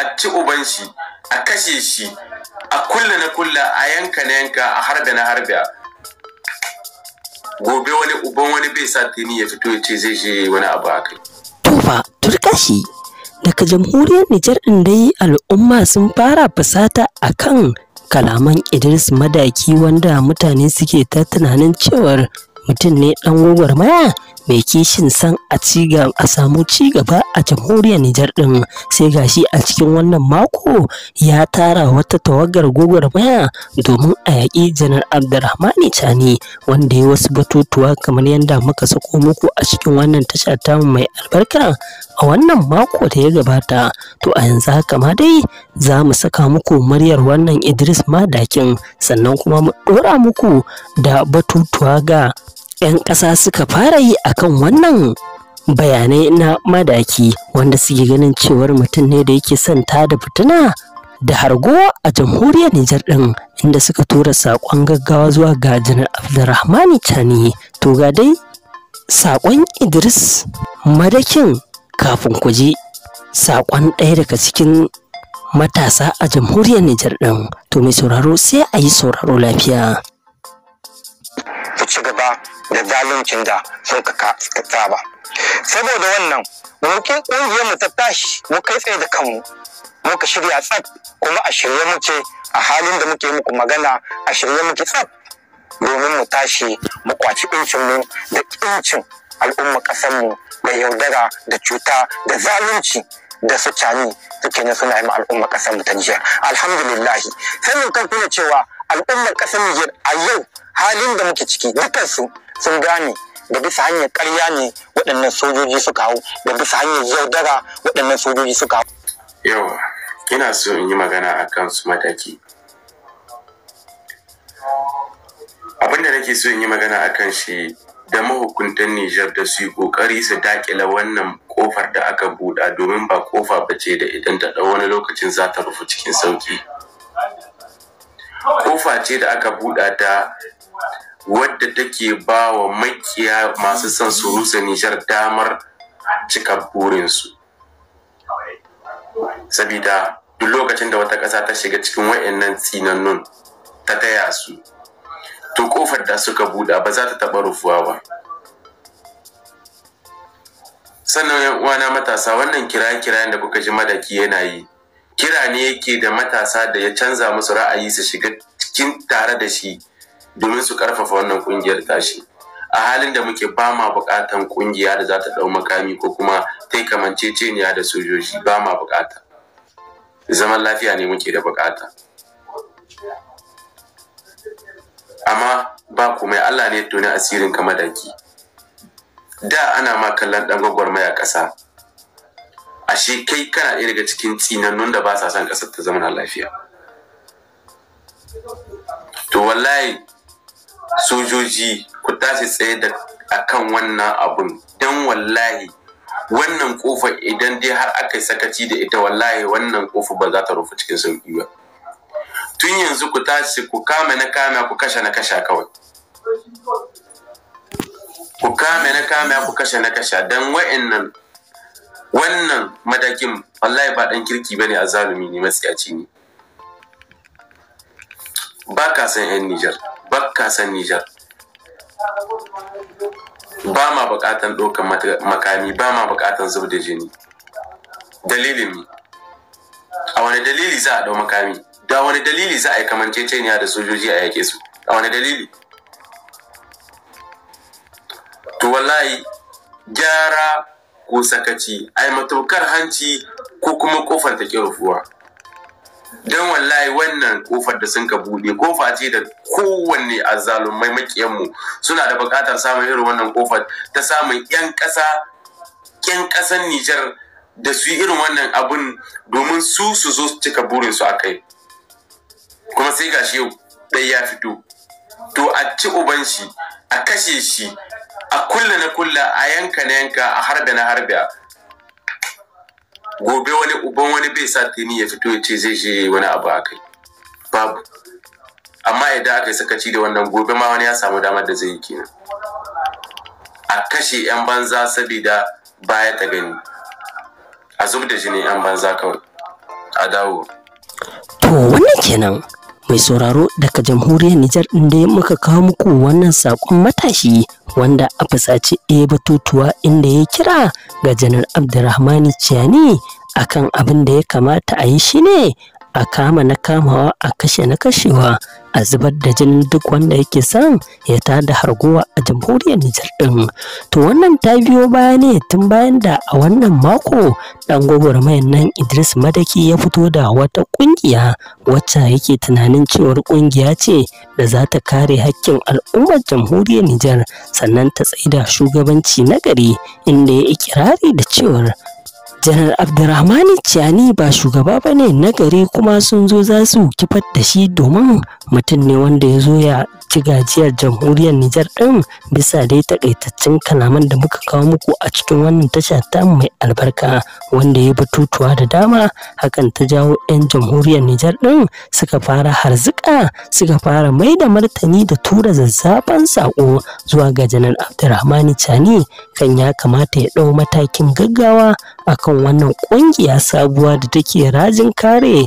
a ci uban shi a kashe shi a kulla na kulla a yanka na yanka a harbe na harbe gobe wani uban wani bai sa tini ya fito ya ce zai shi wani abu a kai tufa turkashi daga jamhuriyar Nijar ɗin dai al'umma sun fara fusata kan kalaman Idris Madaki wanda mutane suke ta tunanin cewar mutum ne ɗan maya. mai kishin san a a samu ci gaba a jamhuriyar Nijar din sai gashi a cikin wannan mako ya tara wata tawagar gwagwarmaya domin a yaƙi janar Abdulrahmani Chani wanda ya wasu batutuwa kamar yadda muka sako muku a cikin wannan tasha tamu mai albarka a wannan mako da ya gabata to a yanzu haka ma dai za mu saka muku muryar wannan Idris Madakin sannan kuma mu ɗora muku da batutuwa ga 'yan ƙasa suka fara yi a kan wannan bayanai na madaki wanda suke ganin cewar mutum ne da yake santa da fitina da hargo a jamhuriyar Nijar ɗin inda suka tura saƙon gaggawa zuwa ga janar Abdulrahmani Chani to ga dai saƙon Idris madakin kafin ku je saƙon ɗaya daga cikin matasa a jamhuriyar Nijar ɗin to mai sauraro sai a yi sauraro lafiya. da zaluncin da sun ka saba saboda wannan roƙin ƙungiyar mu ta tashi mu kai tsaye da kanmu muka shirya tsab. kuma a shirye muke a halin da muke muku magana a shirye muke tsab. domin mu tashi mu kwaci mu da incin al'umma ƙasarmu da yaudara da cuta da zalunci da su cani suke na suna yi ma al'umma ƙasarmu ta jiya alhamdulillahi sai mun kan cewa al'ummar ƙasar Nijar a yau halin da muke ciki dukansu sun gane da bisa hanyar karya ne waɗannan sojoji suka hau da bisa hanyar yaudara waɗannan sojoji suka hau. Yawa, ina so in yi magana a kan su mataki. Abin da nake so in yi magana a kan shi da mahukuntan Nijar da su yi ƙoƙari su daƙila wannan ƙofar da aka buɗa domin ba ƙofa ba ce da idan ta ɗau wani lokacin za ta rufe cikin sauƙi. Ƙofa ce da aka buɗa ta wadda take ba wa makiya masu son su rusa nishar damar cika burinsu sabida duk lokacin da wata ƙasa ta shiga cikin wa'annan tsinannun ta taya su to ƙofar da suka buɗa ba za ta taɓa rufuwa ba sannan uwana matasa wannan kira-kirayen da kuka ji madaki yana yi kira ne yake da matasa da ya canza musu ra'ayi su shiga cikin tare da shi domin su karfafa wannan kungiyar tashi a halin da muke ba ma bukatan kungiya da za ta dau makami ko kuma ta kamanceceniya da sojoji ba ma bukata zaman lafiya ne muke da bukata amma ba komai Allah ne tuni asirin ka ki. da ana ma kallon dan a ƙasa ashe kai kana ɗaya daga cikin tsinannun da ba sa son ƙasar ta zama lafiya to wallahi sojoji ku tashi tsaye da akan wannan abun don wallahi wannan kofa idan dai har aka yi sakaci da ita wallahi wannan kofa ba za ta rufe cikin sauki ba tun yanzu ku tashi ku kame na kame ku kashe na kasha kawai ku kame na kame ku kashe na kasha don wa'annan wannan madakin wallahi ba dan kirki bane a zalumi ne matsiyaci ne ba ka san yan Nijar. bakka san Nijar. Ba ma bukatan ɗaukan makami, ba ma bukatan zub da jini. Dalilin mi. A wani dalili za a ɗau makami? Da wani dalili za a yi kamanceceniya da sojoji a yake su? A wani dalili? To wallahi gyara ko sakaci, ai mataukar hanci ko kuma kofar ta rufuwa. don wallahi wannan kofar da sun ka buɗe kofa ce da kowanne azzalumai makiyanmu suna da buƙatar samun irin wannan kofar ta samun 'yan ƙasa 'yan ƙasar Nijar da su irin wannan abun domin su su zo su cika burin su a kai kuma sai ga shi ɗaya ya fito to a ci uban shi a kashe shi a kulla na kulla a yanka na yanka a harbe na harbe gobe wani uban wani bai sa tini ya fito ya ce zai je wani abu a kai babu amma idan aka yi sakaci da wannan gobe ma wani ya samu damar da zai yi kenan a kashe 'yan banza saboda baya ta gani a zub da jini 'yan banza kawai a dawo to wannan kenan mai sauraro daga jamhuriyar nijar inda muka kawo muku wannan saƙon matashi wanda a fusaci e batutuwa inda ya kira ga janar abdurrahmani ciyani akan abin da ya kamata a yi shi ne? a kama na kamawa a kashe na kashewa a zubar da jinin duk wanda yake son ya tada harguwa a jamhuriyar Nijar ɗin, To wannan ta biyo baya ne tun bayan da a wannan mako dan gwagwarmayan nan Idris Madaki ya fito da wata ƙungiya wacce yake tunanin cewar ƙungiya ce da za ta kare hakkin al'ummar jamhuriyar Nijar sannan ta tsaida shugabanci na gari inda ya ikirari da cewar janar abdurrahmani ciyani ba shugaba ba ne na gari kuma sun zo za su kifar da shi domin mutum ne wanda ya zo ya ci gajiyar jamhuriyar Nijar ɗin bisa dai takaitaccen kalaman da muka kawo muku a cikin wannan tasha ta mai albarka wanda ya batutuwa da dama hakan ta jawo 'yan jamhuriyar Nijar ɗin suka fara harzika suka fara mai da martani da tura zazzafan sako zuwa ga janar Abdurrahmani Chani kan ya kamata ya ɗau matakin gaggawa akan wannan ƙungiya sabuwa da take rajin kare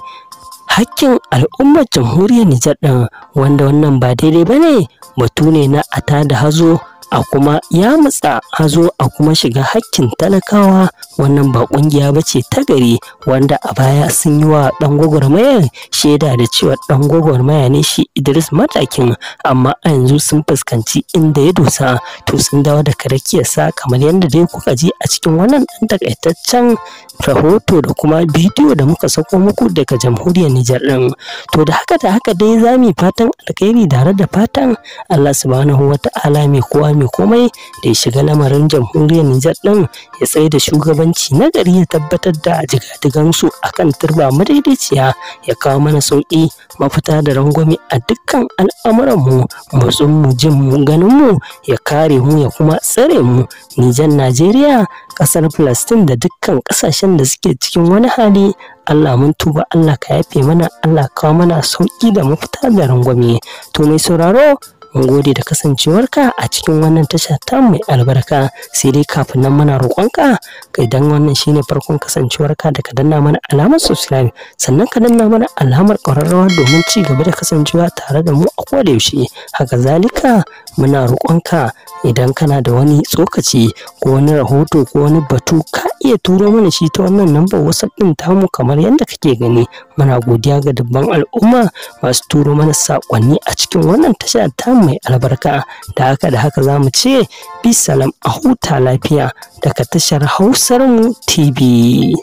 hakkin al'ummar jamhuriyar Nijar ɗin wanda wannan ba daidai ba ne batu ne na a tada hazo a kuma ya matsa a zo a kuma shiga hakkin talakawa wannan ba kungiya ba ce ta gari wanda a baya sun yi wa dan gwagwarmayar shaida da cewa dan gwagwarmaya ne shi Idris Matakin amma a yanzu sun fuskanci inda ya dosa to sun dawo da karakiyarsa kamar yadda dai kuka ji a cikin wannan dan takaitaccen rahoto da kuma bidiyo da muka sako muku daga jamhuriyar Nijar din to da haka da haka dai zamu fatan alkhairi tare da fatan Allah subhanahu wata'ala mai kowa mai komai da ya shiga lamarin jamhuriyar Nijar ɗin ya tsaye da shugabanci na gari ya tabbatar da jigadigansu kan turba madaidaiciya ya kawo mana sauƙi mafita da rangwame a dukkan al'amuranmu motsin mu jin ganin mu ya kare mu ya kuma tsare mu Nijar Najeriya ƙasar Palestine da dukkan ƙasashen da suke cikin wani hali Allah mun tuba Allah ka yafe mana Allah kawo mana sauƙi da mafita da rangwame to mai sauraro Mun gode da kasancewarka a cikin wannan tasha ta mai albarka sai dai kafin nan muna roƙonka ka idan wannan shine farkon kasancewarka da ka danna mana alamar subscribe sannan ka danna mana alamar ƙararrawa domin ci gaba da kasancewa tare da mu a koda yaushe. Haka zalika muna roƙonka idan kana da wani tsokaci ko wani rahoto ko wani batu ka iya turo mana shi ta wannan lambar wasan ɗin tamu kamar yadda kake gani. Muna godiya ga dubban al'umma masu turo mana saƙonni a cikin wannan tasha ta mai albarka. Da haka da haka za mu ce bisalam a huta lafiya daga tashar Hausar mu TV.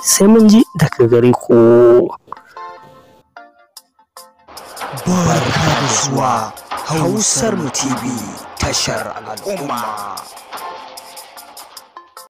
Sai mun ji daga gare ku. Barka da zuwa Hausar mu TV tashar al'umma.